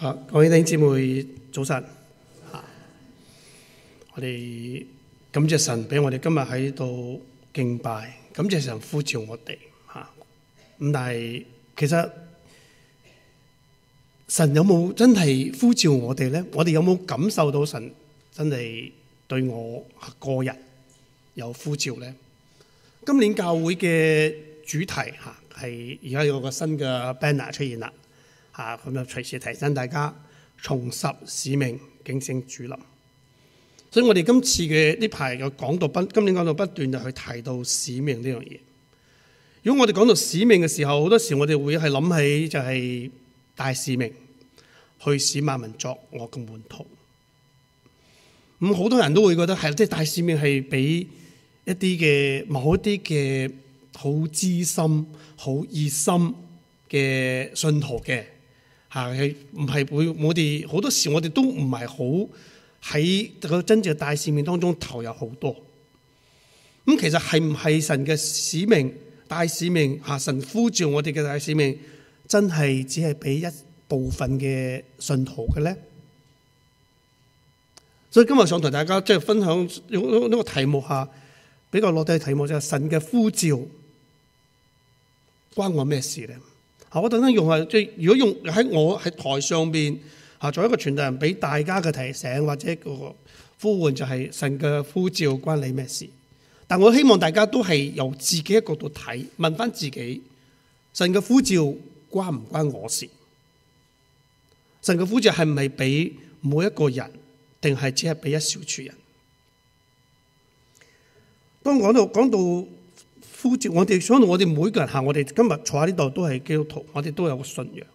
好，各位弟兄姊妹，早晨！我哋感謝神俾我哋今日喺度敬拜，感謝神呼召我哋。但係其實神有冇真係呼召我哋呢？我哋有冇感受到神真係對我個人有呼召呢？今年教會嘅主題吓係而家有個新嘅 banner 出現啦。啊！咁就隨時提醒大家重拾使命，警醒主臨。所以我哋今次嘅呢排嘅講到不，今年講到不斷就去提到使命呢樣嘢。如果我哋講到使命嘅時候，好多時我哋會係諗起就係大使命，去使萬民作我嘅門徒。咁好多人都會覺得係即係大使命係俾一啲嘅某一啲嘅好資深、好熱心嘅信徒嘅。吓，係唔係會？我哋好多時，我哋都唔係好喺個真正嘅大使命當中投入好多。咁其實係唔係神嘅使命、大使命？吓，神呼召我哋嘅大使命，真係只係俾一部分嘅信徒嘅咧？所以今日想同大家即係分享，呢個題目吓，比較落地嘅題目就係神嘅呼召，關我咩事咧？我等陣用啊，即係如果用喺我喺台上邊啊，作為一個傳達人俾大家嘅提醒或者個呼喚，就係神嘅呼召關你咩事？但我希望大家都係由自己嘅角度睇，問翻自己：神嘅呼召關唔關我事？神嘅呼召係唔係俾每一個人，定係只係俾一小撮人？當我講到講到。呼召我哋，想同我哋每個人吓，我哋今日坐喺呢度都係基督徒，我哋都有個信仰。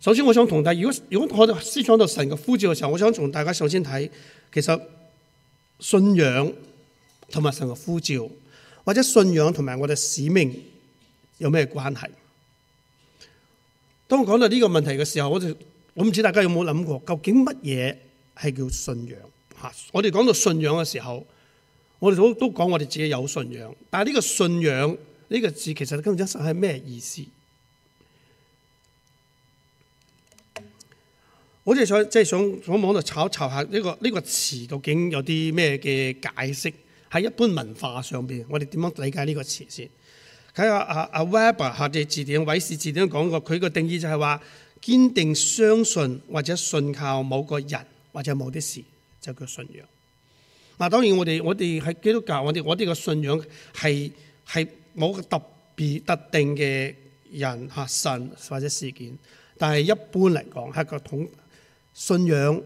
首先，我想同大如果如果我哋思想到神嘅呼召嘅時候，我想同大家首先睇，其實信仰同埋神嘅呼召，或者信仰同埋我哋使命有咩關係？當我講到呢個問題嘅時候，我就我唔知大家有冇諗過，究竟乜嘢係叫信仰？吓，我哋講到信仰嘅時候。我哋都都講我哋自己有信仰，但係呢個信仰呢個字其實根本真實係咩意思？我即係想即係上上網度查查下呢個詞究竟有啲咩嘅解釋？喺一般文化上面，我哋點樣理解呢個詞先？睇下阿、啊啊、Webber 下嘅字典、韋氏字典都講過，佢嘅定義就係話堅定相信或者信靠某個人或者某啲事就叫信仰。嗱，當然我哋我哋喺基督教，我哋我哋嘅信仰係係某個特別特定嘅人嚇神或者事件，但係一般嚟講係個統信仰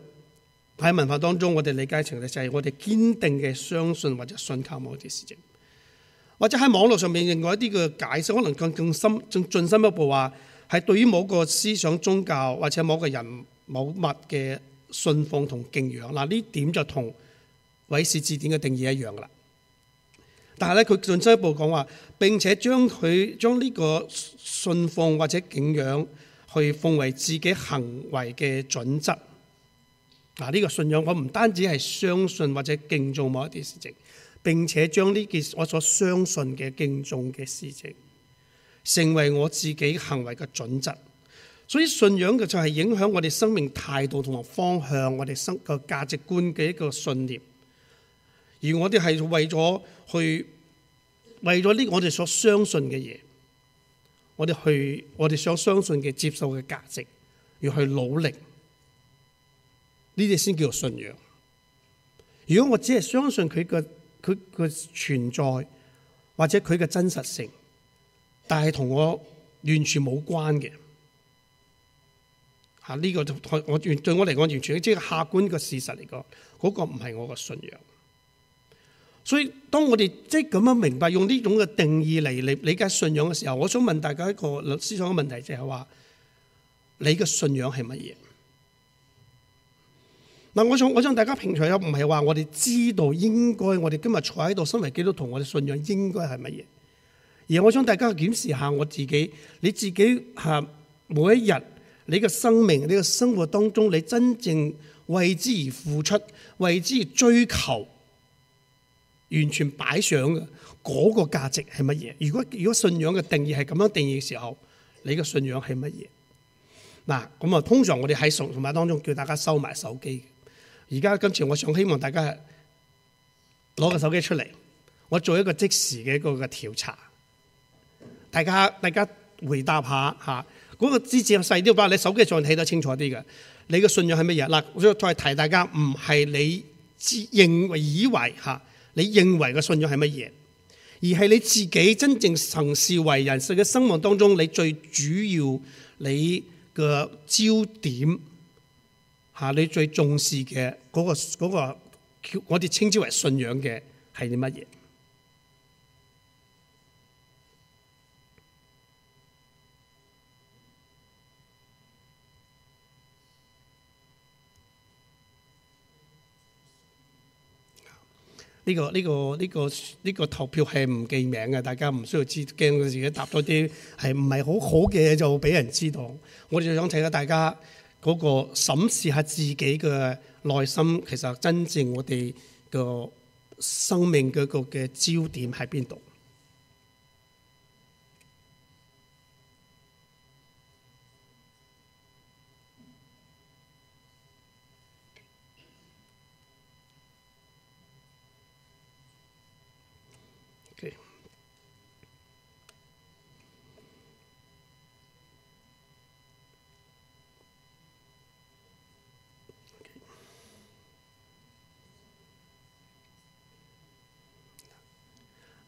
喺文化當中，我哋理解成就係我哋堅定嘅相信或者信靠某啲事情，或者喺網絡上面另外一啲嘅解釋，可能更深更深更進深一步話係對於某個思想宗教或者某個人某物嘅信奉同敬仰。嗱，呢點就同韋氏字典嘅定義一樣噶啦，但係咧，佢進一步講話並且將佢，將呢個信奉或者敬仰去奉為自己行為嘅準則。嗱、這、呢個信仰，我唔單止係相信或者敬重某一啲事情，並且將呢件我所相信嘅敬重嘅事情，成為我自己行為嘅準則。所以信仰嘅就係影響我哋生命態度同埋方向，我哋生嘅價值觀嘅一個信念。而我哋係為咗去為咗呢，我哋所相信嘅嘢，我哋去我哋所相信嘅接受嘅價值，要去努力，呢啲先叫做信仰。如果我只係相信佢嘅佢嘅存在或者佢嘅真實性，但係同我完全冇關嘅吓，呢個我我對我嚟講完全即係客觀嘅事實嚟講，嗰個唔係我嘅信仰。所以，當我哋即咁樣明白用呢種嘅定義嚟嚟理解信仰嘅時候，我想問大家一個思想嘅問題，就是，就係話你嘅信仰係乜嘢？嗱，我想我想大家平常又唔係話我哋知道應該，我哋今日坐喺度身為基督徒，我哋信仰應該係乜嘢？而我想大家檢視下我自己，你自己吓每一日你嘅生命、你嘅生活當中，你真正為之而付出、為之而追求，完全擺上嘅嗰個價值係乜嘢？如果如果信仰嘅定義係咁樣定義嘅時候，你嘅信仰係乜嘢？嗱，咁啊，通常我哋喺崇崇拜當中叫大家收埋手機。而家今次我想希望大家攞個手機出嚟，我做一個即時嘅一個調查。大家大家回答下嚇，嗰個字字細啲，不過你手機再睇得清楚啲嘅。你嘅信仰係乜嘢？嗱，再再提大家，唔係你自認為以為嚇。啊你認為嘅信仰係乜嘢？而係你自己真正曾視為人世嘅生活當中，你最主要你嘅焦點嚇，你最重視嘅嗰個嗰個，我哋稱之為信仰嘅係啲乜嘢？呢個呢個呢個呢個投票係唔記名嘅，大家唔需要知，驚自己答咗啲係唔係好好嘅嘢就俾人知道。我哋就想睇下大家嗰個審視下自己嘅內心，其實真正我哋個生命嗰個嘅焦點喺邊度？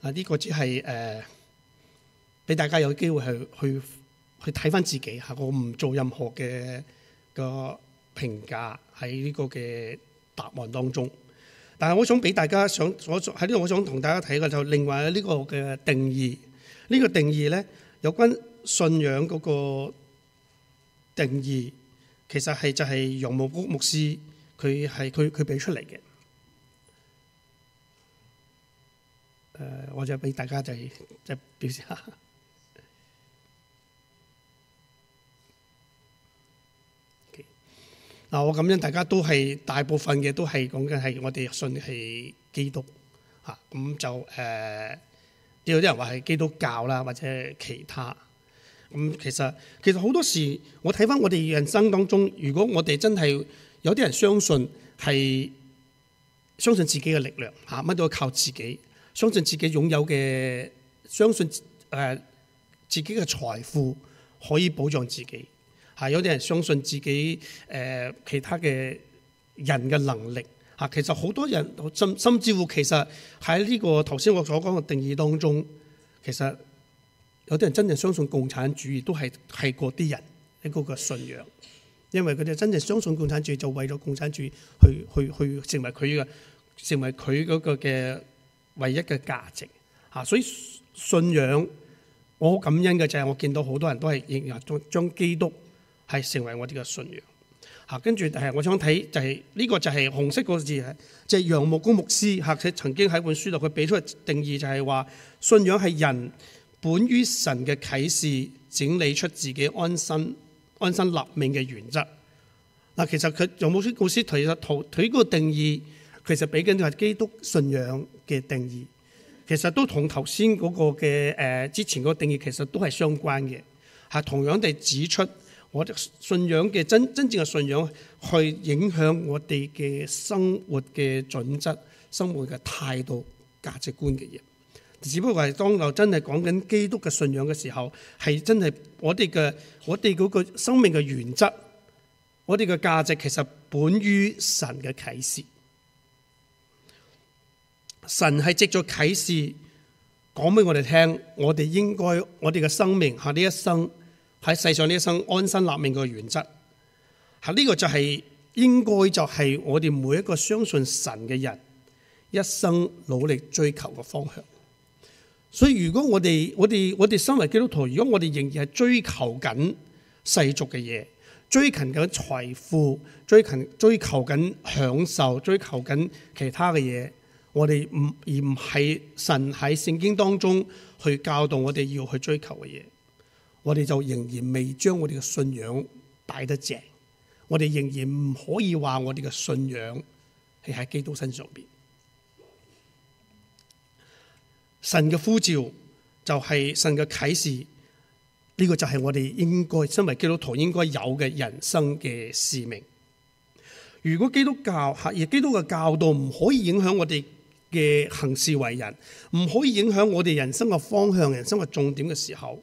啊！呢個只係誒，俾、呃、大家有機會去去去睇翻自己嚇，我唔做任何嘅個評價喺呢個嘅答案當中。但係我想俾大家想我喺呢度，我，我想同大家睇嘅就另外呢個嘅定義。呢、這個定義咧，有關信仰嗰個定義，其實係就係楊牧谷牧師佢係佢佢俾出嚟嘅。誒、呃，我就俾大家就就表示下。嗱、okay. 呃。我咁樣，大家都係大部分嘅都係講緊係我哋信係基督吓咁、啊、就誒、呃，有啲人話係基督教啦，或者其他咁、啊。其實其實好多時，我睇翻我哋人生當中，如果我哋真係有啲人相信係相信自己嘅力量吓，乜、啊、都要靠自己。相信自己擁有嘅，相信誒自己嘅財富可以保障自己。嚇，有啲人相信自己誒其他嘅人嘅能力。嚇，其實好多人甚甚至乎，其實喺呢個頭先我所講嘅定義當中，其實有啲人真正相信共產主義都係係嗰啲人一個嘅信仰，因為佢哋真正相信共產主義，就為咗共產主義去去去成為佢嘅成為佢嗰個嘅。唯一嘅價值嚇，所以信仰我感恩嘅就係、是、我見到好多人都係認啊，將將基督係成為我哋嘅信仰嚇。跟住係我想睇就係、是、呢、這個就係紅色個字係，即、就、係、是、楊牧公牧師嚇，曾經喺本書度佢俾出定義就係話，信仰係人本於神嘅啟示，整理出自己安身安身立命嘅原則。嗱，其實佢楊牧公牧師提個圖，提個定義。其實俾緊你話基督信仰嘅定義，其實都同頭先嗰個嘅誒、呃、之前個定義其實都係相關嘅，係同樣地指出我哋信仰嘅真真正嘅信仰，去影響我哋嘅生活嘅準則、生活嘅態度、價值觀嘅嘢。只不過係當我真係講緊基督嘅信仰嘅時候，係真係我哋嘅我哋個生命嘅原則，我哋嘅價值其實本於神嘅啟示。神係藉咗啟示講俾我哋聽，我哋應該我哋嘅生命喺呢一生喺世上呢一生安身立命嘅原則，係、這、呢個就係、是、應該就係我哋每一個相信神嘅人一生努力追求嘅方向。所以如果我哋我哋我哋身為基督徒，如果我哋仍然係追求緊世俗嘅嘢，追求緊財富，追求追求緊享受，追求緊其他嘅嘢。我哋唔而唔係神喺聖經當中去教導我哋要去追求嘅嘢，我哋就仍然未將我哋嘅信仰擺得正，我哋仍然唔可以話我哋嘅信仰係喺基督身上邊。神嘅呼召就係神嘅啟示，呢個就係我哋應該身為基督徒應該有嘅人生嘅使命。如果基督教吓而基督嘅教導唔可以影響我哋。嘅行事為人唔可以影響我哋人生嘅方向、人生嘅重點嘅時候，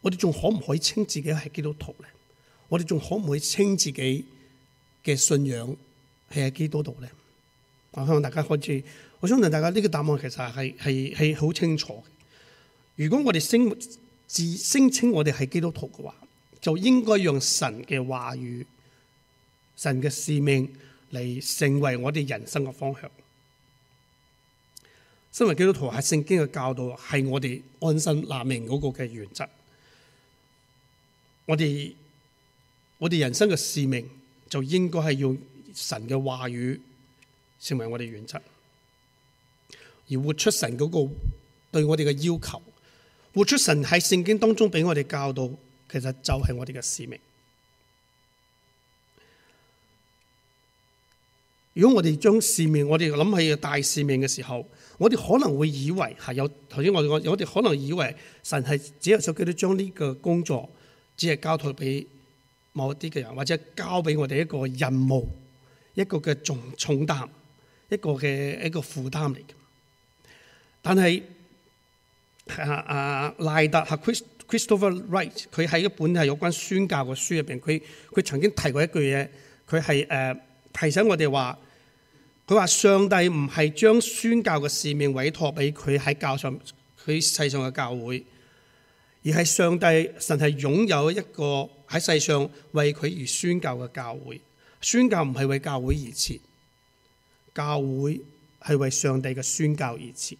我哋仲可唔可以稱自己係基督徒呢？我哋仲可唔可以稱自己嘅信仰係喺基督徒呢？我希望大家可知，我相信大家呢、這個答案其實係係係好清楚。如果我哋聲自聲稱我哋係基督徒嘅話，就應該用神嘅話語、神嘅使命嚟成為我哋人生嘅方向。身為基督徒，喺聖經嘅教導，係我哋安身立命嗰個嘅原則。我哋我哋人生嘅使命，就應該係用神嘅話語成為我哋原則，而活出神嗰個對我哋嘅要求，活出神喺聖經當中俾我哋教導，其實就係我哋嘅使命。如果我哋將使命，我哋諗起大使命嘅時候。我哋可能會以為係有頭先我我我哋可能以為神係只有手機，都將呢個工作只係交託俾某一啲嘅人，或者交俾我哋一個任務、一個嘅重重擔、一個嘅一個負擔嚟嘅。但係阿阿、uh, 賴達、uh, 阿 Christopher Wright 佢喺一本係有關宣教嘅書入邊，佢佢曾經提過一句嘢，佢係誒提醒我哋話。佢話：上帝唔係將宣教嘅使命委託俾佢喺教上，佢世上嘅教會，而係上帝淨係擁有一個喺世上為佢而宣教嘅教會。宣教唔係為教會而設，教會係為上帝嘅宣教而設。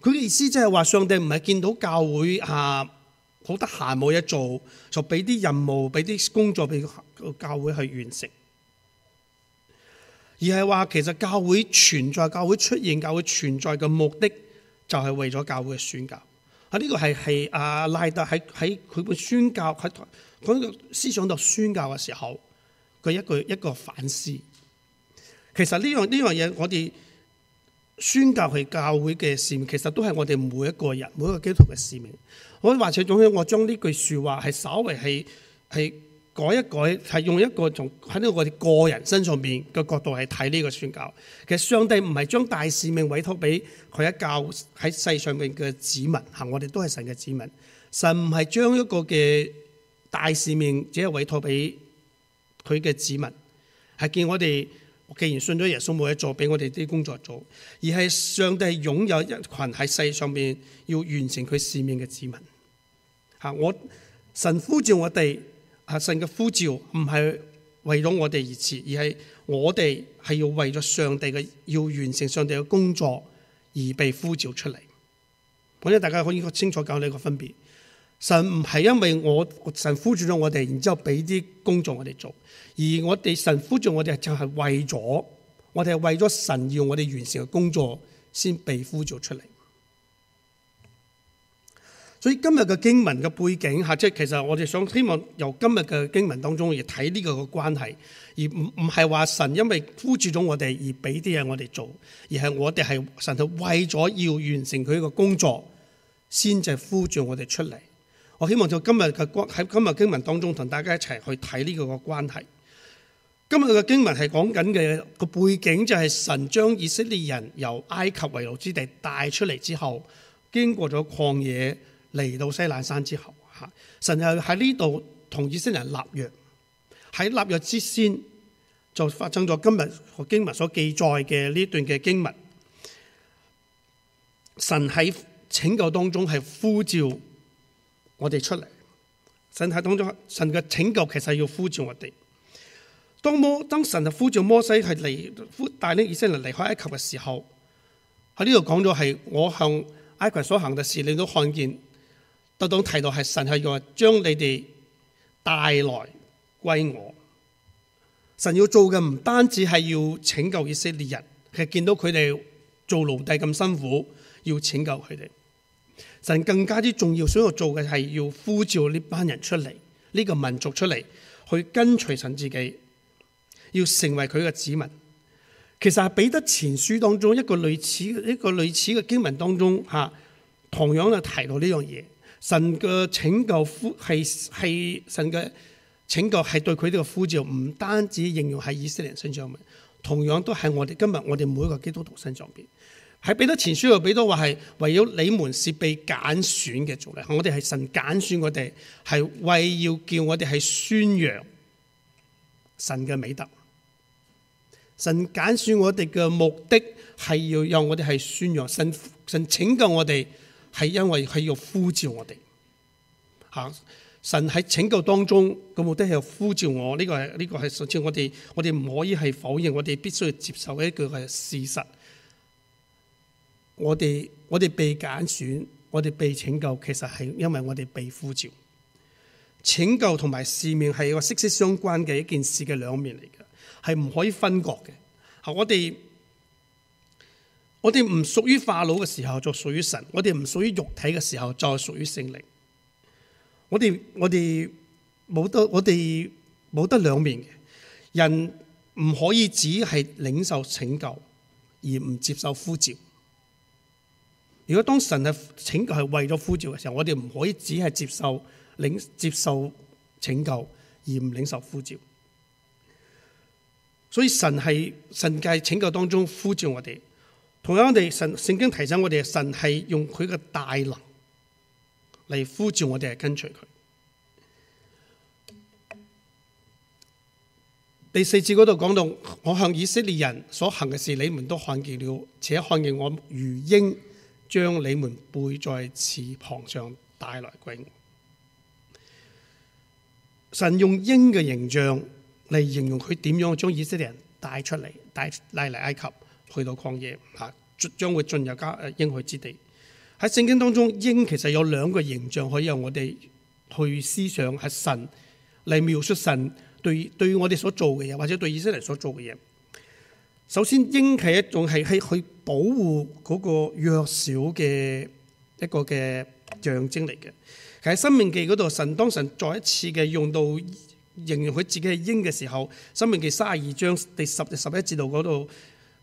佢嘅意思即係話，上帝唔係見到教會啊好得閒冇嘢做，就俾啲任務、俾啲工作俾教會去完成。而係話，其實教會存在，教會出現，教會存在嘅目的，就係為咗教會嘅宣教。這個、啊，呢個係係阿賴特喺喺佢本宣教喺嗰思想度宣教嘅時候，佢一個一個反思。其實呢樣呢樣嘢，我哋宣教係教會嘅使命，其實都係我哋每一個人、每一個基督徒嘅使命。我或者總之，我將呢句説話係稍微係係。改一改係，用一個從喺呢個我哋個人身上邊嘅角度去睇呢個宣教。其實上帝唔係將大使命委託俾佢一教喺世上邊嘅子民吓，我哋都係神嘅子民。神唔係將一個嘅大使命只係委託俾佢嘅子民，係見我哋既然信咗耶穌冇嘢做，俾我哋啲工作做，而係上帝擁有一群喺世上邊要完成佢使命嘅子民吓。我神呼召我哋。啊！神嘅呼召唔係為咗我哋而設，而係我哋係要為咗上帝嘅，要完成上帝嘅工作而被呼召出嚟。咁樣大家可以清楚搞呢個分別。神唔係因為我神呼召咗我哋，然之後俾啲工作我哋做，而我哋神呼召我哋就係為咗，我哋係為咗神要我哋完成嘅工作先被呼召出嚟。今日嘅經文嘅背景吓，即係其實我哋想希望由今日嘅經文當中嚟睇呢個嘅關係，而唔唔係話神因為呼住咗我哋而俾啲嘢我哋做，而係我哋係神係為咗要完成佢嘅工作，先至呼召我哋出嚟。我希望就今日嘅喺今日經文當中同大家一齊去睇呢個嘅關係。今日嘅經文係講緊嘅個背景就係神將以色列人由埃及為奴之地帶出嚟之後，經過咗曠野。嚟到西奈山之後，嚇神又喺呢度同以色列人立約。喺立約之先，就發生咗今日經文所記載嘅呢段嘅經文。神喺拯救當中係呼召我哋出嚟。神喺當中，神嘅拯救其實係要呼召我哋。當摩當神啊呼召摩西係嚟，帶領以色列人離開埃及嘅時候，喺呢度講咗係我向埃及人所行嘅事，你都看見。都當提到係神係要將你哋帶來歸我。神要做嘅唔單止係要拯救以色列人，係見到佢哋做奴隸咁辛苦，要拯救佢哋。神更加之重要，想要做嘅係要呼召呢班人出嚟，呢個民族出嚟去跟隨神自己，要成為佢嘅子民。其實喺彼得前書當中一個類似一個類似嘅經文當中吓，同樣就提到呢樣嘢。神嘅拯救呼係係神嘅拯救係對佢哋嘅呼召，唔單止應用喺以色列人身上面，同樣都係我哋今日我哋每一個基督徒身上邊。喺彼得前書又俾到話係唯有你們是被揀選嘅族類，我哋係神揀選我哋，係為要叫我哋係宣揚神嘅美德。神揀選我哋嘅目的係要讓我哋係宣揚神神拯救我哋。係因為係要呼召我哋，吓神喺拯救當中嘅目的係要呼召我，呢個係呢個係甚至我哋我哋唔可以係否認，我哋必須要接受一個嘅事實。我哋我哋被揀選，我哋被拯救，其實係因為我哋被呼召。拯救同埋使命係一個息息相關嘅一件事嘅兩面嚟嘅，係唔可以分割嘅。好，我哋。我哋唔屬於化老嘅時候就屬於神；我哋唔屬於肉體嘅時候就係屬於聖靈。我哋我哋冇得我哋冇得兩面嘅，人唔可以只係領受拯救而唔接受呼召。如果當神嘅拯救係為咗呼召嘅時候，我哋唔可以只係接受領接受拯救而唔領受呼召。所以神係神嘅拯救當中呼召我哋。同樣地，神聖經提醒我哋，神係用佢嘅大能嚟呼召我哋跟隨佢。第四節嗰度講到，我向以色列人所行嘅事，你們都看見了，且看見我如鷹將你們背在翅膀上，帶來歸我。神用鷹嘅形象嚟形容佢點樣將以色列人帶出嚟，帶拉嚟埃及。去到曠野，嚇將會進入家誒應許之地。喺聖經當中，鷹其實有兩個形象可以由我哋去思想，係神嚟描述神對對我哋所做嘅嘢，或者對以色列所做嘅嘢。首先，鷹係一種係係去保護嗰個弱小嘅一個嘅象徵嚟嘅。其實喺《申命記》嗰度，神當神再一次嘅用到形容佢自己係鷹嘅時候，《申命記》三十二章第十至十一節度嗰度。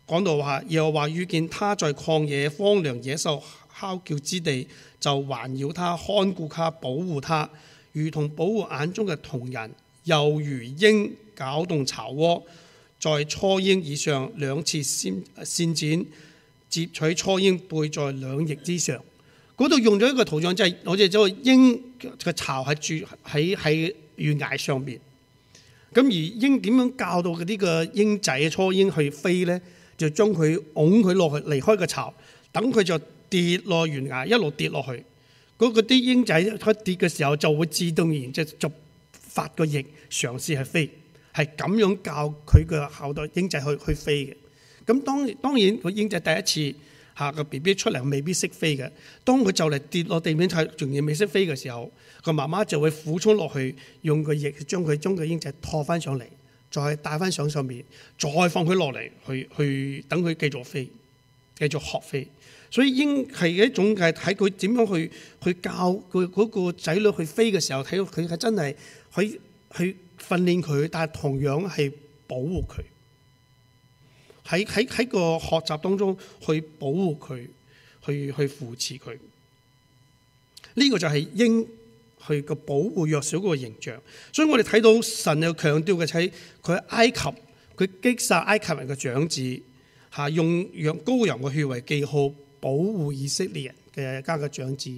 講到話，又話遇見他在曠野荒涼野獸哮叫之地，就環繞他，看顧他，保護他，如同保護眼中嘅瞳人，又如鷹攪動巢窩，在初鷹以上兩次先剪剪剪，截取初鷹背在兩翼之上。嗰度用咗一個圖像，即係攞隻隻鷹嘅巢係住喺喺懸崖上面。咁而鷹點樣教到嗰啲個鷹仔初鷹去飛呢？就將佢拱佢落去，離開個巢，等佢就跌落懸崖，一路跌落去。嗰啲鷹仔一跌嘅時候就會自動然就發個翼嘗試去飛，係咁樣教佢個後代鷹仔去去飛嘅。咁當然當然，個鷹仔第一次下個 B B 出嚟未必識飛嘅。當佢就嚟跌落地面睇，仲未識飛嘅時候，個媽媽就會俯衝落去，用個翼將佢將個鷹仔拖翻上嚟。再帶翻上上面，再放佢落嚟，去去等佢繼續飛，繼續學飛。所以鷹係一種係睇佢點樣去去教佢嗰個仔女去飛嘅時候，睇到佢係真係可以去訓練佢，但係同樣係保護佢。喺喺喺個學習當中去保護佢，去去扶持佢。呢個就係鷹。去個保護弱小嗰個形象，所以我哋睇到神又強調嘅喺佢埃及，佢擊殺埃及人嘅長子，嚇用羊羔羊嘅血為記號保護以色列人嘅家嘅長子，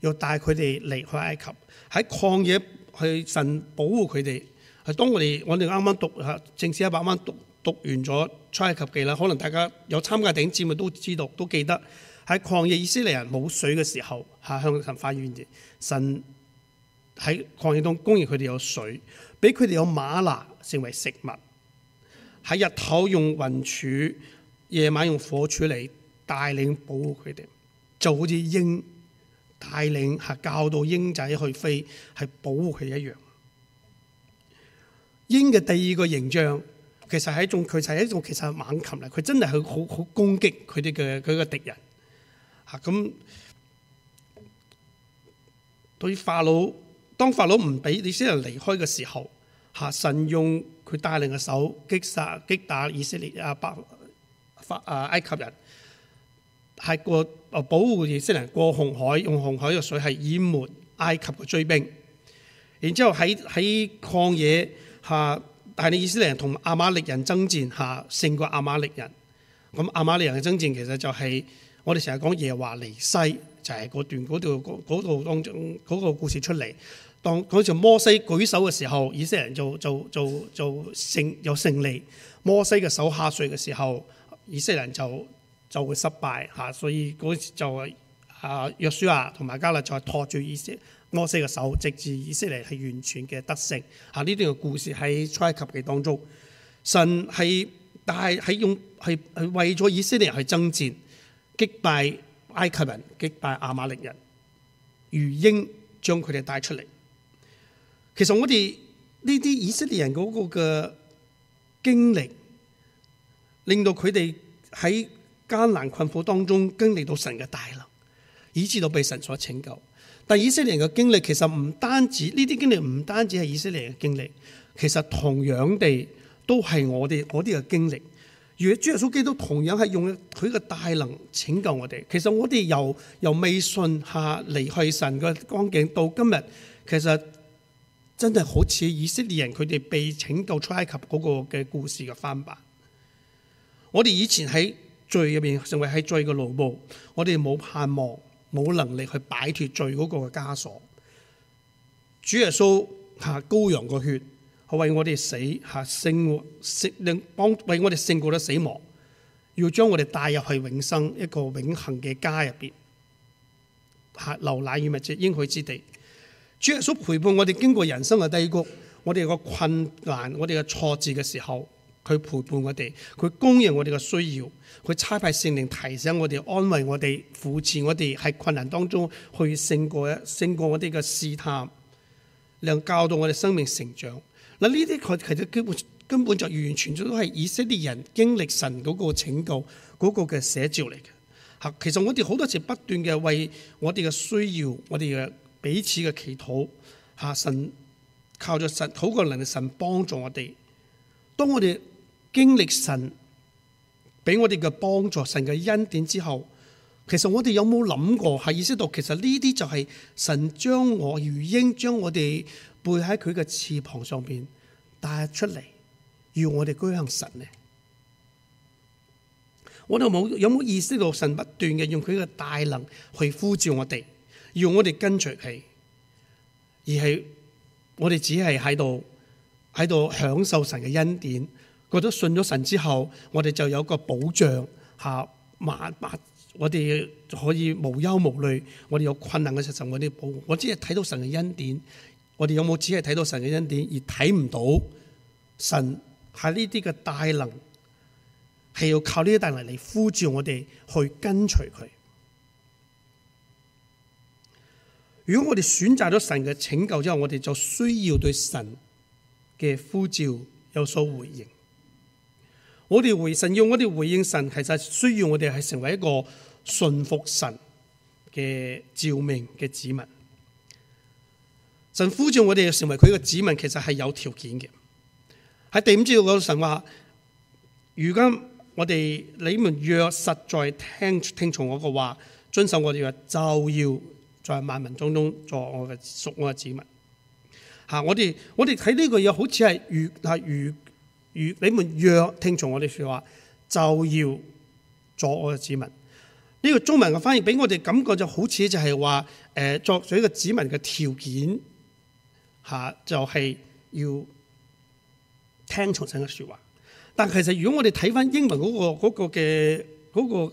又帶佢哋離開埃及喺曠野，去神保護佢哋。係當我哋我哋啱啱讀嚇正史一百蚊讀讀，讀完咗出埃及記啦，可能大家有參加頂尖節目都知道都記得喺曠野以色列人冇水嘅時候嚇向神發怨言神。喺曠野中供應佢哋有水，俾佢哋有嗎哪成為食物。喺日頭用雲柱，夜晚用火柱嚟帶領保護佢哋，就好似鷹帶領係教導鷹仔去飛，係保護佢一樣。鷹嘅第二個形象其實係一種，佢就係一種其實猛禽嚟，佢真係去好好攻擊佢哋嘅佢嘅敵人。嚇咁對於化老。當法老唔俾以色列人離開嘅時候，吓，神用佢帶領嘅手擊殺擊打以色列啊，白法啊埃及人，係過保護以色列人過紅海，用紅海嘅水係淹沒埃及嘅追兵。然之後喺喺曠野下，但、啊、係以色列人同亞瑪力人爭戰下、啊、勝過亞瑪力人。咁、啊、亞瑪力人嘅爭戰其實就係、是、我哋成日講耶華尼西，就係、是、嗰段嗰度嗰嗰當中個故事出嚟。當陣時摩西舉手嘅時候，以色列人就就,就,就,就,就勝利；摩西嘅手下垂嘅時候，以色列人就就會失敗。吓，所以嗰陣時就啊，約書亞同埋加勒就托住摩西嘅手，直至以色列係完全嘅得勝。吓，呢段嘅故事喺出埃及記當中，神係但係係用係為咗以色列人去爭戰，擊敗埃及人，擊敗亞瑪力人，如鷹將佢哋帶出嚟。其實我哋呢啲以色列人嗰個嘅經歷，令到佢哋喺艱難困苦當中經歷到神嘅大能，以致到被神所拯救。但以色列人嘅經歷其實唔單止呢啲經歷唔單止係以色列人嘅經歷，其實同樣地都係我哋我哋嘅經歷。如果主耶穌基督同樣係用佢嘅大能拯救我哋，其實我哋由由未信下離去神嘅光景，到今日，其實。真係好似以色列人佢哋被拯救出埃及嗰個嘅故事嘅翻版。我哋以前喺罪入邊，成為喺罪嘅奴僕，我哋冇盼望，冇能力去擺脫罪嗰個嘅枷鎖。主耶穌下羔羊嘅血，為我哋死，下勝勝幫為我哋勝過咗死亡，要將我哋帶入去永生一個永恆嘅家入邊，下流奶與蜜汁應許之地。主耶穌陪伴我哋經過人生嘅低谷，我哋個困難，我哋嘅挫折嘅時候，佢陪伴我哋，佢供應我哋嘅需要，佢差派聖靈提醒我哋，安慰我哋，扶持我哋，喺困難當中去勝過，勝過我哋嘅試探，令教導我哋生命成長。嗱，呢啲佢其實根本根本就完全都係以色列人經歷神嗰個拯救嗰個嘅寫照嚟嘅。吓，其實我哋好多時不斷嘅為我哋嘅需要，我哋嘅。彼此嘅祈禱，吓神靠咗神好嘅能力，神幫助我哋。當我哋經歷神俾我哋嘅幫助，神嘅恩典之後，其實我哋有冇諗過？係意識到其實呢啲就係神將我如鷹，將我哋背喺佢嘅翅膀上邊帶出嚟，要我哋歸向神呢？我哋冇有冇意識到神不斷嘅用佢嘅大能去呼召我哋？要我哋跟隨佢，而係我哋只係喺度喺度享受神嘅恩典。覺得信咗神之後，我哋就有個保障，嚇萬我哋可以無憂無慮。我哋有困難嘅時候，我哋保護。我只係睇到神嘅恩典，我哋有冇只係睇到神嘅恩典而睇唔到神喺呢啲嘅大能？係要靠呢啲大能嚟呼召我哋去跟隨佢。如果我哋選擇咗神嘅拯救之後，我哋就需要對神嘅呼召有所回應。我哋回應神，要我哋回應神，其實需要我哋係成為一個信服神嘅召命嘅子民。神呼召我哋成為佢嘅子民，其實係有條件嘅。喺第五節嗰度，神話，如今我哋你們若實在聽聽從我嘅話，遵守我哋嘅，就要。在萬民中中作我嘅屬我嘅子民嚇，我哋我哋睇呢個嘢好似係如係如如你們若聽從我哋説話，就要作我嘅子民。呢、這個中文嘅翻譯俾我哋感覺就好似就係話誒作為一個子民嘅條件嚇，就係、是、要聽從神嘅説話。但其實如果我哋睇翻英文嗰、那個嘅嗰、那個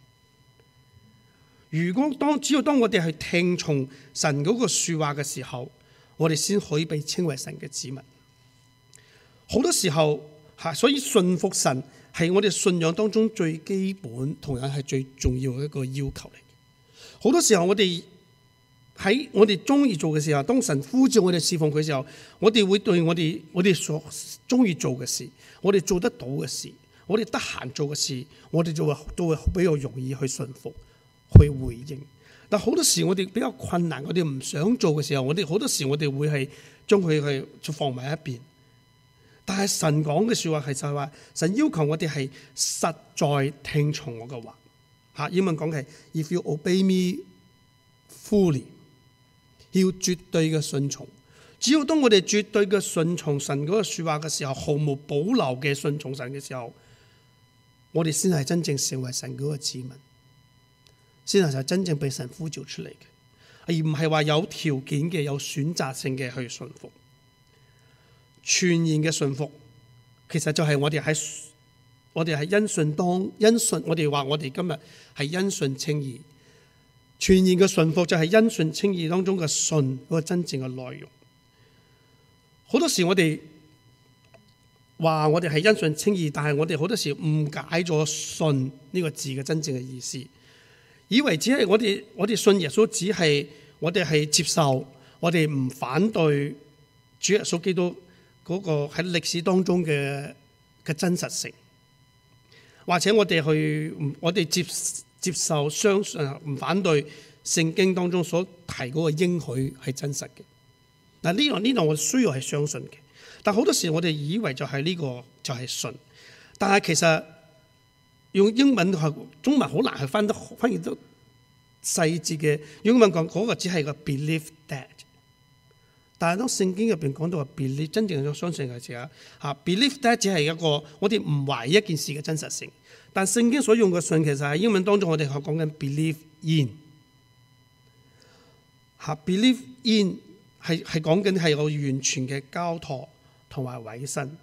如果當只要當我哋去聽從神嗰個說話嘅時候，我哋先可以被稱為神嘅子民。好多時候吓，所以信服神係我哋信仰當中最基本，同樣係最重要嘅一個要求嚟。好多時候我哋喺我哋中意做嘅時候，當神呼召我哋侍奉佢嘅時候，我哋會對我哋我哋所中意做嘅事，我哋做得到嘅事，我哋得閒做嘅事，我哋就會都會比較容易去信服。去回應，但好多時我哋比較困難，我哋唔想做嘅時候，我哋好多時我哋會係將佢去放埋一邊。但係神講嘅說話係就係話，神要求我哋係實在聽從我嘅話。吓，英文講係 If you obey me fully，要絕對嘅順從。只要當我哋絕對嘅順從神嗰個說話嘅時候，毫無保留嘅順從神嘅時候，我哋先係真正成為神嗰個子民，先係真正被神呼召出嚟嘅，而唔係話有條件嘅、有選擇性嘅去順服。全然嘅順服，其實就係我哋喺我哋係因信當因信，我哋話我哋今日係因信稱義。全然嘅順服就係因信稱義當中嘅信，嗰、嗰個真正嘅內容。好多時我哋話我哋係因信稱義，但係我哋好多時誤解咗「信」呢個字嘅真正嘅意思。以為只係我哋，我哋信耶穌，只係我哋係接受，我哋唔反對主耶穌基督嗰個喺歷史當中嘅嘅真實性，或者我哋去，我哋接接受相信，唔反對聖經當中所提嗰個應許係真實嘅。嗱，呢度呢度我需要係相信嘅，但好多時我哋以為就係呢個就係信，但係其實。用英文學中文好難去翻到翻完都細節嘅。英文講嗰、那個只係個 believe that，但係當聖經入邊講到話 believe 真正係相信嘅字啊嚇。believe that 只係一個我哋唔懷疑一件事嘅真實性。但聖經所用嘅信其實喺英文當中我哋學講緊 believe in 嚇。believe in 係係講緊係我完全嘅交託同埋委身。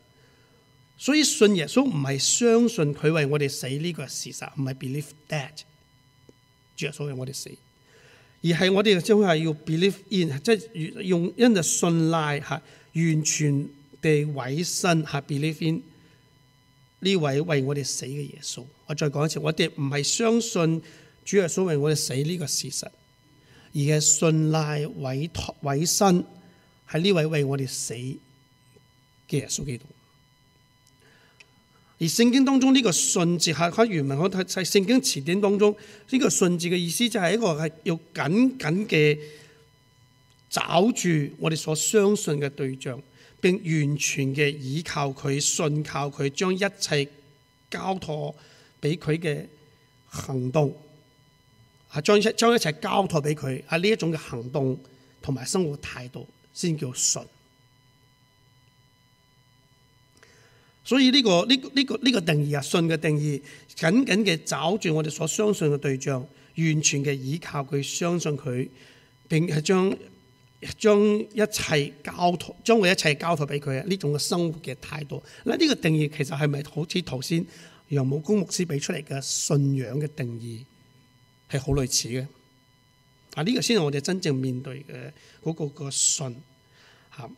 所以信耶穌唔係相信佢為我哋死呢個事實，唔係 believe that 主耶穌為我哋死，而係我哋就即係要 believe in 即係用因就信賴吓完全地委身吓 believe in 呢位為我哋死嘅耶穌。我再講一次，我哋唔係相信主耶穌為我哋死呢個事實，而係信賴委託委身係呢位為我哋死嘅耶穌基督。.而聖經當中呢個信字喺喺原文，我睇喺聖經辭典當中，呢個信字嘅意思就係一個係要緊緊嘅找住我哋所相信嘅對象，並完全嘅倚靠佢、信靠佢，將一切交託俾佢嘅行動，啊，將一將一切交託俾佢，喺呢一種嘅行動同埋生活態度先叫信。所以呢、呢個呢呢、呢個呢、呢個呢個定義啊，信嘅定義，緊緊嘅找住我哋所相信嘅對象，完全嘅依靠佢，相信佢，並係將將一切交託將我一切交託俾佢啊！呢種嘅生活嘅態度，嗱，呢個定義其實係咪好似頭先楊武恭牧師俾出嚟嘅信仰嘅定義係好類似嘅？啊，呢個先係我哋真正面對嘅嗰、嗰個嗰個信嚇。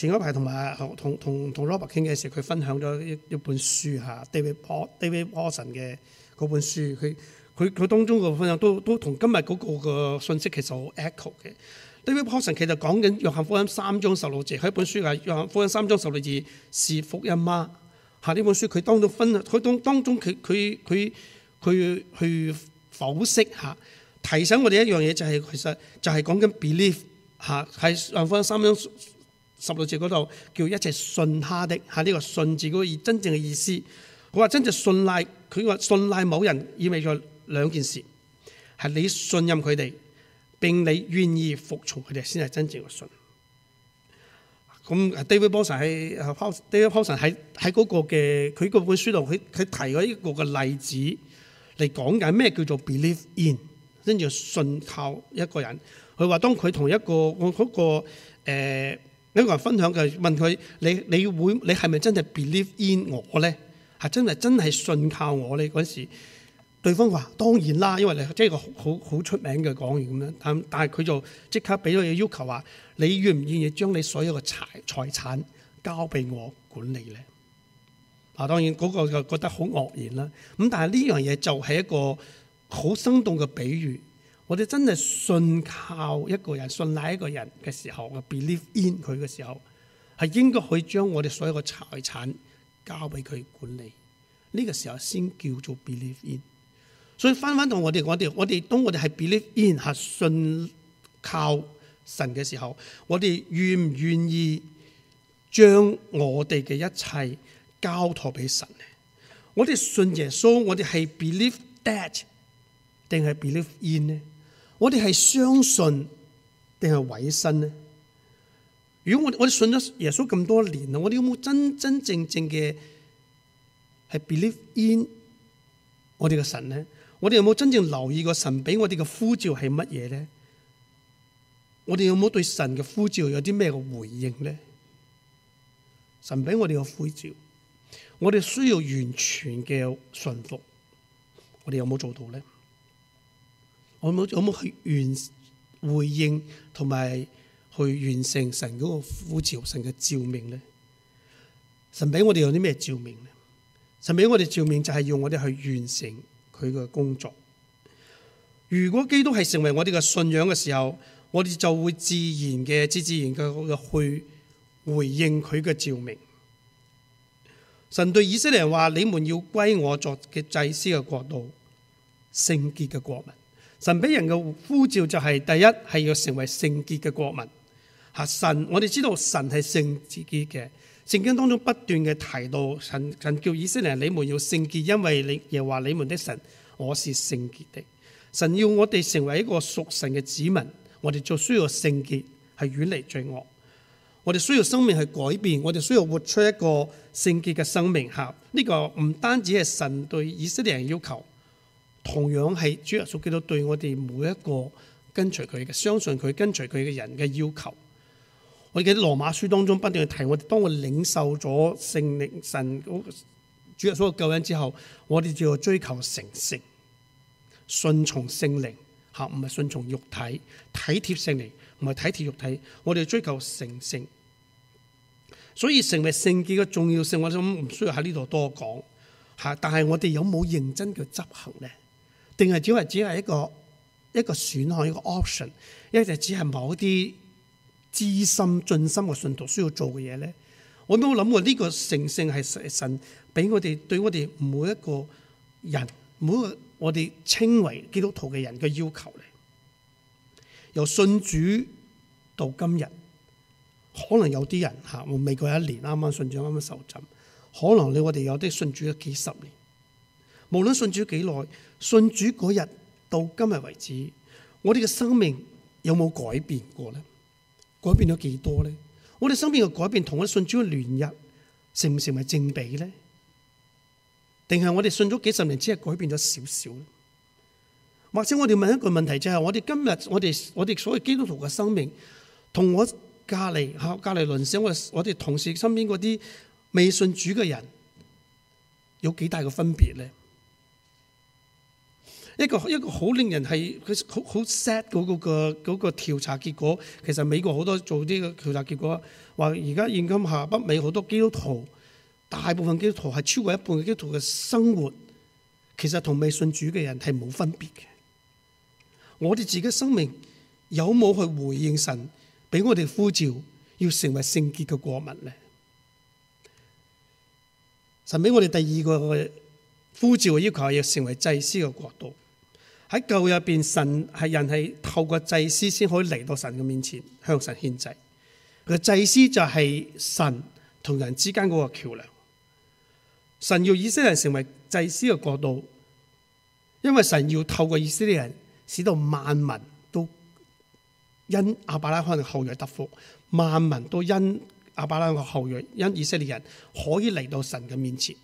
前一排同埋同同同 Robert 傾嘅時候，佢分享咗一一本書嚇，David Po David Person 嘅本書。佢佢佢當中個分享都都同今日嗰個個信息其實好 echo 嘅。David Person 其實講緊約翰福音三章十六節，佢一本書啊。約翰福音三章十六字，福六字是福音嗎？嚇！呢本書佢當中分佢當當中佢佢佢佢去剖析嚇？提醒我哋一樣嘢就係其實就係、是、講緊 belief 嚇，係約翰福音三章。十六節嗰度叫一切信他的，喺呢個信字嗰個真正嘅意思。佢話真正信賴，佢話信賴某人，意味著兩件事，係你信任佢哋，並你願意服從佢哋，先係真正嘅信。咁 David Paulson 喺 David Paulson 喺喺個嘅佢嗰本書度，佢佢提咗一個嘅例子嚟講緊咩叫做 believe in，跟住信靠一個人。佢話當佢同一個我、嗰個誒。呃有個人分享嘅問佢：你你會你係咪真係 believe in 我咧？係真係真係信靠我咧？嗰時對方話當然啦，因為你即係個好好出名嘅講員咁樣。但但係佢就即刻俾咗個要求話：你願唔願意將你所有嘅財財產交俾我管理咧？啊，當然嗰個就覺得好愕然啦。咁但係呢樣嘢就係一個好生動嘅比喻。我哋真係信靠一個人，信賴一個人嘅時候，我 believe in 佢嘅時候，係應該可以將我哋所有嘅財產交俾佢管理。呢個時候先叫做 believe in。所以翻翻同我哋講，我哋我哋當我哋係 believe in 係信靠神嘅時候，我哋願唔願意將我哋嘅一切交託俾神呢？我哋信耶穌，我哋係 believe that 定係 believe in 呢？我哋係相信定係委身呢？如果我我哋信咗耶穌咁多年啦，我哋有冇真真正正嘅係 believe in 我哋嘅神呢？我哋有冇有真正留意過神俾我哋嘅呼召係乜嘢呢？我哋有冇有對神嘅呼召有啲咩嘅回應呢？神俾我哋嘅呼召，我哋需要完全嘅順服。我哋有冇有做到呢？我冇，我冇去完回應同埋去完成神嗰個呼召，神嘅召命咧。神俾我哋有啲咩召命咧？神俾我哋召命就係要我哋去完成佢嘅工作。如果基督係成為我哋嘅信仰嘅時候，我哋就會自然嘅、自自然嘅去回應佢嘅召命。神對以色列人話：你們要歸我作嘅祭司嘅國度，聖潔嘅國民。神俾人嘅呼召就係、是、第一係要成為聖潔嘅國民。嚇，神，我哋知道神係聖自己嘅，聖經當中不斷嘅提到神，神叫以色列人，你們要聖潔，因為你又話你們的神我是聖潔的。神要我哋成為一個屬神嘅子民，我哋就需要聖潔，係遠離罪惡。我哋需要生命去改變，我哋需要活出一個聖潔嘅生命。嚇，呢個唔單止係神對以色列人的要求。同樣係主耶穌基督對我哋每一個跟隨佢嘅、相信佢跟隨佢嘅人嘅要求。我哋喺羅馬書當中不斷去提我，我哋當我領受咗聖靈、神、主耶穌嘅救恩之後，我哋就要追求成聖，順從聖靈嚇，唔係順從肉體，體貼聖靈，唔係體貼肉體。我哋追求成聖，所以成為聖潔嘅重要性，我諗唔需要喺呢度多講嚇。但係我哋有冇認真嘅執行咧？定係只係只係一個一個選項一個 option，一就只係某一啲資深進深嘅信徒需要做嘅嘢咧？我都冇諗過呢個成聖係神俾我哋，對我哋每一個人，每一個我哋稱為基督徒嘅人嘅要求嚟。由信主到今日，可能有啲人嚇我未過一年剛剛，啱啱信主，啱啱受浸，可能你我哋有啲信主咗幾十年，無論信主幾耐。信主嗰日到今日為止，我哋嘅生命有冇改變過咧？改變咗幾多咧？我哋身邊嘅改變同我哋信主嘅連日，成唔成為正比咧？定係我哋信咗幾十年只係改變咗少少？或者我哋問一個問題，就是，就係我哋今日我哋我哋所謂基督徒嘅生命，同我隔籬吓隔籬鄰舍我我哋同事身邊嗰啲未信主嘅人有幾大嘅分別咧？一個一個好令人係佢好好 sad 嗰個嗰個調查結果，其實美國好多做啲個調查結果，話而家現今下北美好多基督徒，大部分基督徒係超過一半嘅基督徒嘅生活，其實同未信主嘅人係冇分別嘅。我哋自己生命有冇去回應神，俾我哋呼召要成為聖潔嘅國民咧？神俾我哋第二個呼召嘅要求係要成為祭司嘅國度。喺舊入邊，神係人係透過祭司先可以嚟到神嘅面前向神獻祭。個祭司就係神同人之間嗰個橋樑。神要以色列人成為祭司嘅國度，因為神要透過以色列人，使到萬民都因亞伯拉罕嘅後裔得福，萬民都因亞伯拉罕嘅後裔因以色列人可以嚟到神嘅面前。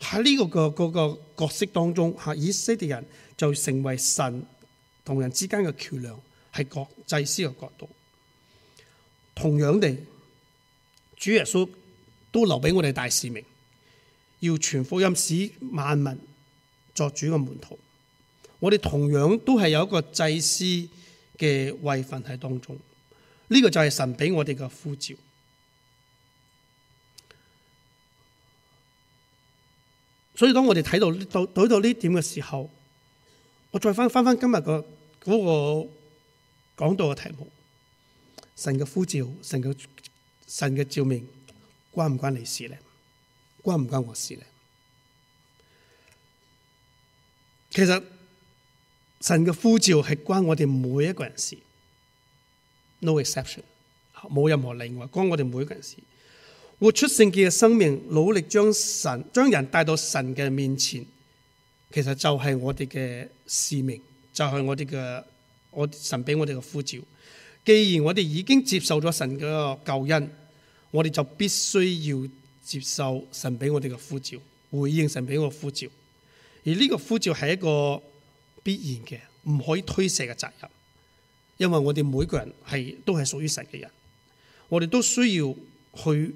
喺呢個嘅個，個，個角色當中，吓以色列人。就成為神同人之間嘅橋樑，係國祭司嘅角度。同樣地，主耶穌都留俾我哋大使命，要傳福音使萬民作主嘅門徒。我哋同樣都係有一個祭司嘅位份喺當中，呢、這個就係神俾我哋嘅呼召。所以當我哋睇到到睇到呢點嘅時候，我再翻翻翻今日個嗰個講到嘅題目，神嘅呼召，神嘅神嘅召命，關唔關你事咧？關唔關我事咧？其實神嘅呼召係關我哋每一個人事，no exception，冇任何例外，關我哋每一個人事。活出聖潔嘅生命，努力將神將人帶到神嘅面前。其實就係我哋嘅使命，就係、是、我哋嘅我神俾我哋嘅呼召。既然我哋已經接受咗神嘅救恩，我哋就必須要接受神俾我哋嘅呼召，回應神俾我呼召。而呢個呼召係一個必然嘅，唔可以推卸嘅責任。因為我哋每個人係都係屬於神嘅人，我哋都需要去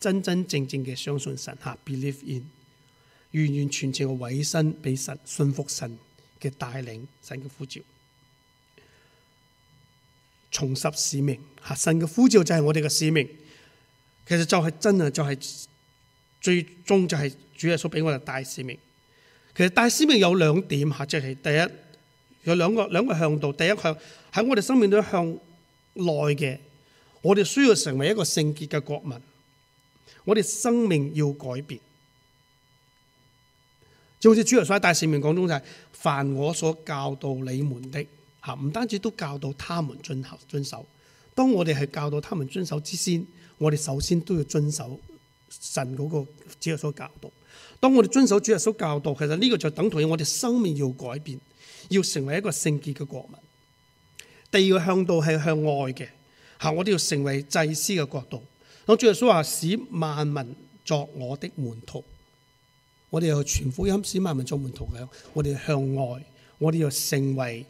真真正正嘅相信神，吓 believe in。完完全全嘅委身俾神，信服神嘅帶領，神嘅呼召，重拾使命。神嘅呼召就係我哋嘅使命。其實就係、是、真係就係、是、最終就係主耶穌俾我哋大使命。其實大使命有兩點吓，即係第一有兩個兩個向度。第一向喺我哋生命都向內嘅，我哋需要成為一個聖潔嘅國民。我哋生命要改變。就好似主耶穌喺大使命講中就係，凡我所教導你們的，吓，唔單止都教導他們遵守。當我哋係教導他們遵守之先，我哋首先都要遵守神嗰個主耶穌所教導。當我哋遵守主耶穌教導，其實呢個就等同於我哋生命要改變，要成為一個聖潔嘅國民。第二個向度係向外嘅，吓，我哋要成為祭司嘅國度。咁主耶穌話，使萬民作我的門徒。我哋又傳福音，使萬民做門徒嘅。我哋向外，我哋又成為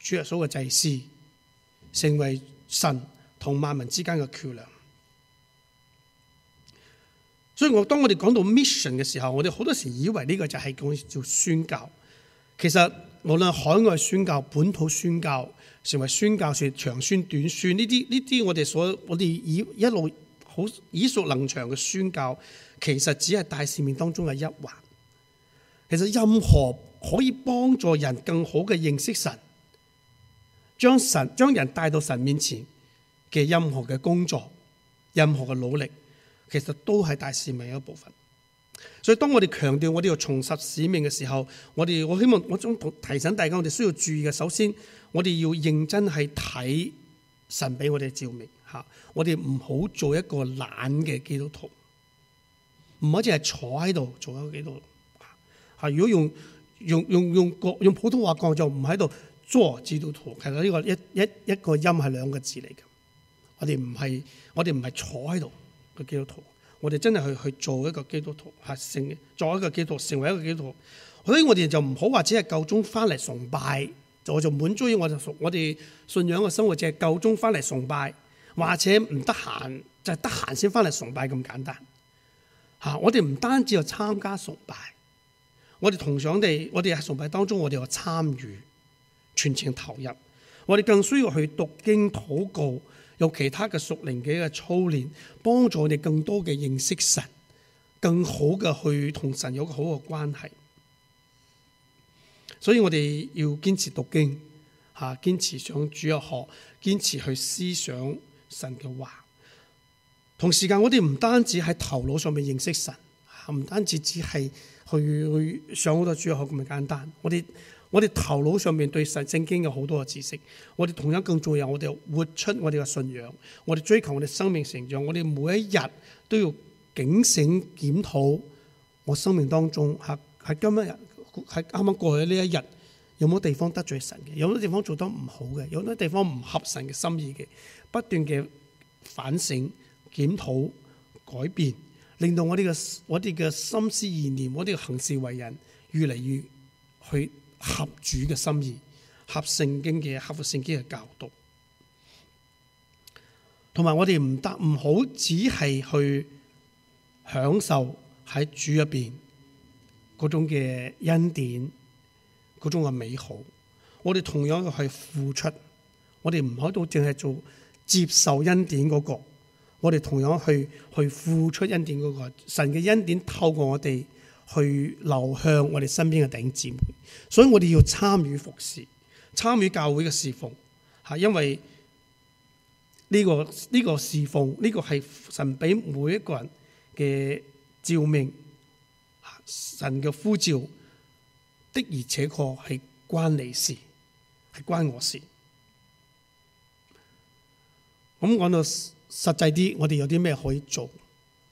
主耶穌嘅祭司，成為神同萬民之間嘅橋梁。所以我當我哋講到 mission 嘅時候，我哋好多時以為呢個就係講做宣教。其實無論海外宣教、本土宣教，成為宣教士、長宣、短宣，呢啲呢啲我哋所我哋以一路，好耳熟能詳嘅宣教，其實只係大使命當中嘅一環。其實任何可以幫助人更好嘅認識神，將神將人帶到神面前嘅任何嘅工作，任何嘅努力，其實都係大使命嘅一部分。所以當我哋強調我哋要重拾使命嘅時候，我哋我希望我想同提醒大家，我哋需要注意嘅。首先，我哋要認真去睇神俾我哋嘅照明。吓！我哋唔好做一個懶嘅基督徒，唔好淨係坐喺度做一個基督徒。吓，如果用用用用國用普通話講就唔喺度作基督徒。其實呢個一一一一個音係兩個字嚟嘅。我哋唔係我哋唔係坐喺度嘅基督徒。我哋真係去去做一個基督徒，吓成做一個基督徒，成為一個基督徒。所以我哋就唔好話只係夠鐘翻嚟崇拜，我就滿足於我就我哋信仰嘅生活，只係夠鐘翻嚟崇拜。或者唔得閒，就係得閒先翻嚟崇拜咁簡單嚇，我哋唔單止有參加崇拜，我哋同上帝，我哋喺崇拜當中，我哋有參與，全程投入，我哋更需要去讀經禱告，有其他嘅屬靈嘅嘅操練，幫助我哋更多嘅認識神，更好嘅去同神有個好嘅關係。所以我哋要堅持讀經嚇，堅持上主日學，堅持去思想神嘅話，同時間我哋唔單止喺頭腦上面認識神，唔單止只係去去上好多主學咁樣簡單。我哋我哋頭腦上面對神聖經有好多嘅知識。我哋同樣更重要，我哋活出我哋嘅信仰。我哋追求我哋生命成長。我哋每一日都要警醒檢討我生命當中吓，喺今日喺啱啱過去呢一日有冇地方得罪神嘅，有冇地方做得唔好嘅，有冇地方唔合神嘅心意嘅。不斷嘅反省、檢討、改變，令到我哋嘅我哋嘅心思意念、我哋嘅行事為人，越嚟越去合主嘅心意，合聖經嘅合乎聖經嘅教導。同埋我哋唔得唔好，只係去享受喺主入邊嗰種嘅恩典，嗰種嘅美好。我哋同樣要去付出，我哋唔可以到淨係做。接受恩典嗰、那個，我哋同樣去去付出恩典嗰、那個，神嘅恩典透過我哋去流向我哋身邊嘅弟兄姊妹，所以我哋要參與服侍，參與教會嘅侍奉，吓，因為呢、這個呢、這個侍奉呢、這個係神俾每一個人嘅召命，神嘅呼召的而且確係關你事，係關我事。咁講到實際啲，我哋有啲咩可以做？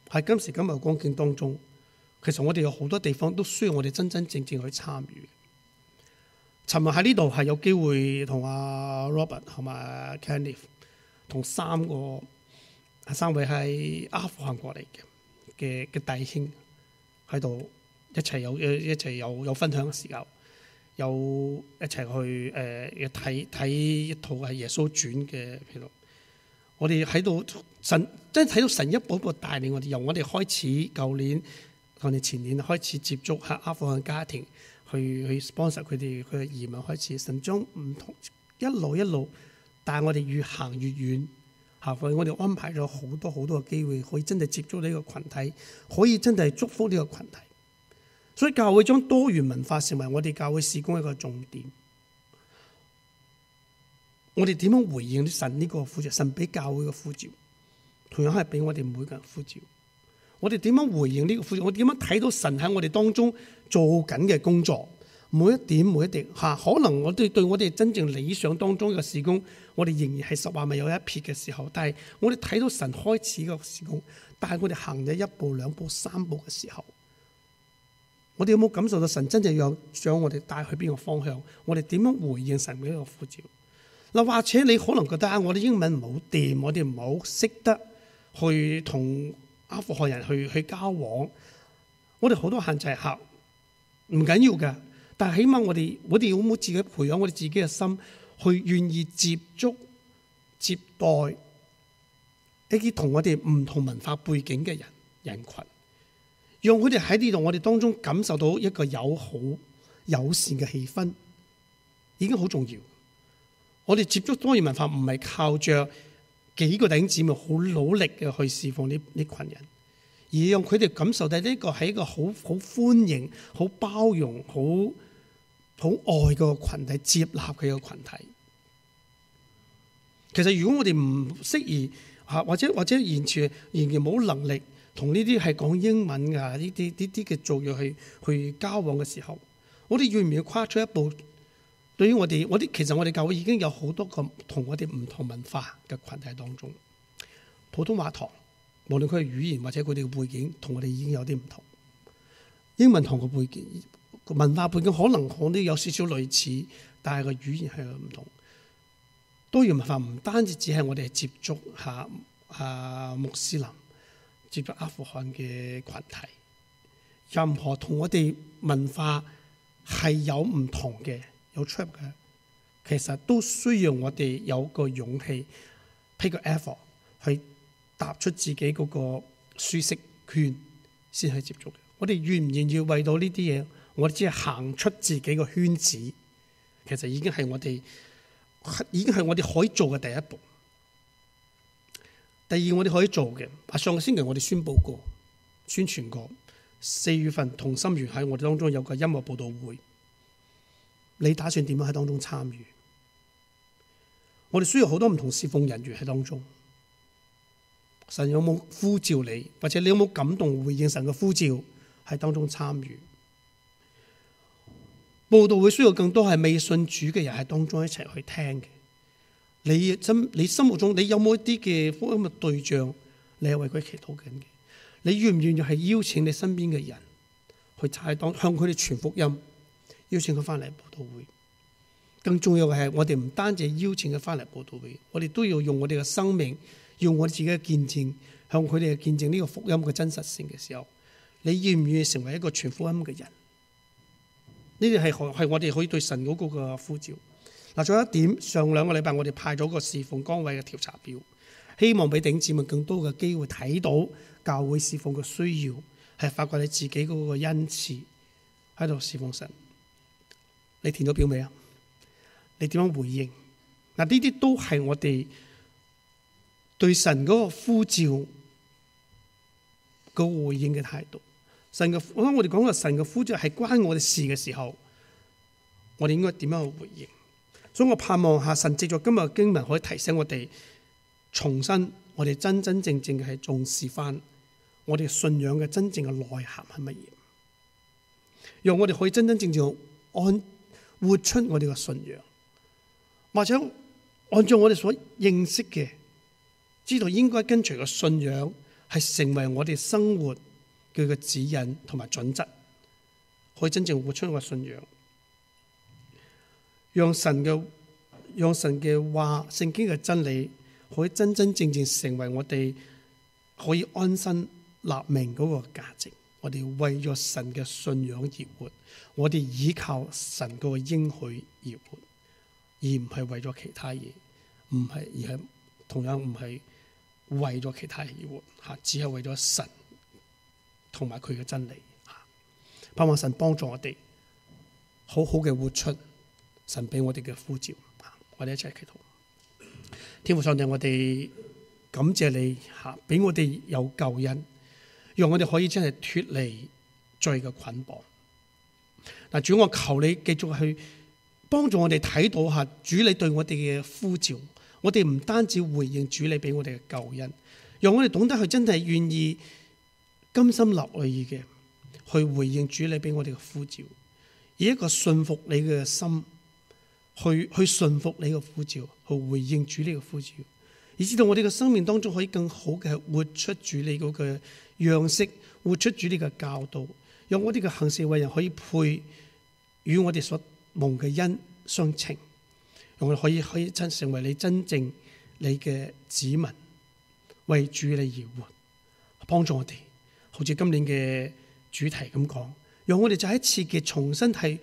喺今時今日嘅光景當中，其實我哋有好多地方都需要我哋真真正正去參與。尋日喺呢度係有機會同阿 Robert 同埋 Kenneth 同三個、三位喺阿富汗過嚟嘅嘅嘅弟兄喺度一齊有、一齊有有分享嘅時候，有一齊去誒睇睇一套係耶穌傳嘅片。我哋喺到神，真睇到神一步一步帶領我哋，由我哋開始，舊年、我哋前年開始接觸下阿富汗家庭去，去去 sponsor 佢哋佢嘅移民開始，神將唔同一路一路，帶我哋越行越遠，嚇！我我哋安排咗好多好多嘅機會可以真係接觸呢個群體，可以真係祝福呢個群體，所以教會將多元文化成為我哋教會事工一個重點。我哋點樣回應神呢個呼召？神俾教會嘅呼召，同樣係俾我哋每個人呼召。我哋點樣回應呢個呼召？我哋點樣睇到神喺我哋當中做緊嘅工作？每一點每一滴吓，可能我哋對我哋真正理想當中嘅事工，我哋仍然係十萬米有一撇嘅時候。但係我哋睇到神開始個事工，但係我哋行咗一步、兩步、三步嘅時候，我哋有冇感受到神真正有想我哋帶去邊個方向？我哋點樣回應神呢個呼召？嗱，或者你可能覺得啊，我哋英文唔好掂，我哋唔好識得去同阿富汗人去去交往，我哋好多限制客唔緊要㗎。但係起碼我哋，我哋有冇自己培養我哋自己嘅心，去願意接觸接待一啲同我哋唔同文化背景嘅人人群，讓佢哋喺呢度我哋當中感受到一個友好友善嘅氣氛，已經好重要。我哋接觸多元文化唔係靠着幾個弟兄姊妹好努力嘅去釋放呢呢群人，而讓佢哋感受到呢個係一個好好歡迎、好包容、好好愛嘅群體接納佢個群體。群體其實如果我哋唔適宜吓，或者或者完全完全冇能力同呢啲係講英文噶呢啲呢啲嘅族裔去去交往嘅時候，我哋要唔要跨出一步？對於我哋，我哋其實我哋教會已經有好多個同我哋唔同文化嘅群體當中，普通話堂，無論佢嘅語言或者佢哋嘅背景，同我哋已經有啲唔同。英文堂嘅背景，文化背景可能都有少少類似，但係個語言係唔同。多元文化唔單止只係我哋接觸下啊穆斯林，接觸阿富汗嘅群體，任何同我哋文化係有唔同嘅。有 trap 嘅，其實都需要我哋有個勇氣 make 個 effort 去踏出自己嗰個舒適圈，先去接觸。我哋願唔願意為到呢啲嘢，我哋只係行出自己個圈子，其實已經係我哋已經係我哋可以做嘅第一步。第二，我哋可以做嘅，上個星期我哋宣佈過、宣傳過，四月份同心園喺我哋當中有個音樂佈道會。你打算點樣喺當中參與？我哋需要好多唔同事奉人員喺當中。神有冇呼召你？或者你有冇感動回應神嘅呼召？喺當中參與。佈道會需要更多係未信主嘅人喺當中一齊去聽嘅。你心目中你有冇一啲嘅福音嘅對象？你係為佢祈禱緊嘅。你願唔願意係邀請你身邊嘅人去喺當向佢哋傳福音？邀請佢翻嚟布道會，更重要嘅係我哋唔單止邀請佢翻嚟布道會，我哋都要用我哋嘅生命，用我哋自己嘅見證，向佢哋見證呢個福音嘅真實性嘅時候，你願唔願意成為一個全福音嘅人？呢啲係係我哋可以對神嗰個呼召。嗱，仲有一點，上兩個禮拜我哋派咗個侍奉崗位嘅調查表，希望俾弟兄姊妹更多嘅機會睇到教會侍奉嘅需要，係發掘你自己嗰個恩賜喺度侍奉神。你填咗表未啊？你點樣回應？嗱，呢啲都係我哋對神嗰個呼召個回應嘅態度。神嘅，我哋講到神嘅呼召係關我哋事嘅時候，我哋應該點樣去回應？所以我盼望下神藉住今日經文可以提醒我哋重新，我哋真真正正嘅係重視翻我哋信仰嘅真正嘅內涵係乜嘢，讓我哋可以真真正正按。活出我哋嘅信仰，或者按照我哋所認識嘅，知道應該跟隨嘅信仰，係成為我哋生活佢嘅指引同埋準則，可以真正活出個信仰，讓神嘅讓神嘅話，聖經嘅真理，可以真真正正成為我哋可以安身立命嗰個價值。我哋為咗神嘅信仰而活，我哋依靠神個應許而活，而唔係為咗其他嘢，唔係，而係同樣唔係為咗其他人而活吓，只係為咗神同埋佢嘅真理吓。盼望神幫助我哋好好嘅活出神俾我哋嘅呼召吓，我哋一齊祈禱。天父上帝，我哋感謝你吓，俾我哋有救恩。讓我哋可以真係脫離罪嘅捆綁。嗱，主我求你繼續去幫助我哋睇到吓，主你對我哋嘅呼召，我哋唔單止回應主你俾我哋嘅救恩，讓我哋懂得佢真係願意甘心樂意嘅去回應主你俾我哋嘅呼召，以一個信服你嘅心去去信服你嘅呼召，去回應主你嘅呼召，以至到我哋嘅生命當中可以更好嘅活出主你嗰、那個。樣式，活出主呢個教導，讓我哋嘅行事為人可以配與我哋所蒙嘅恩相稱，讓我哋可以可以真成為你真正你嘅子民，為主理而活，幫助我哋。好似今年嘅主題咁講，讓我哋就再一次嘅重新係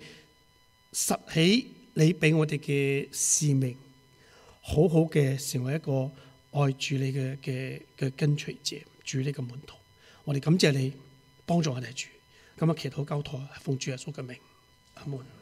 拾起你俾我哋嘅使命，好好嘅成為一個愛主你嘅嘅嘅跟隨者，主呢個門徒。我哋感謝你幫助我哋主，咁啊祈禱交託奉主耶穌嘅名，阿門。